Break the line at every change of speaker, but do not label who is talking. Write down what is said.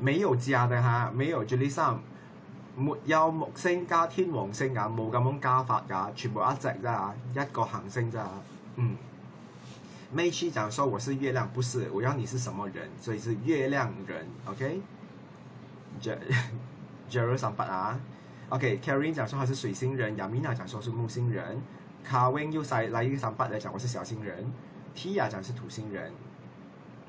沒歐治啊定嚇、啊嗯，美歐治呢三沒有木星加天王星噶，冇咁樣加法噶，全部一隻啫一個行星啫。嗯，May 講說我是月亮，不是，我要你係什麼人，所以是月亮人，OK？Jerald 三八啊，OK。Karin 講說他是水星人，Yamina 講說是木星人，Kawing 又在 Nine 三八嚟講我是小星人，Tia 講是土星人。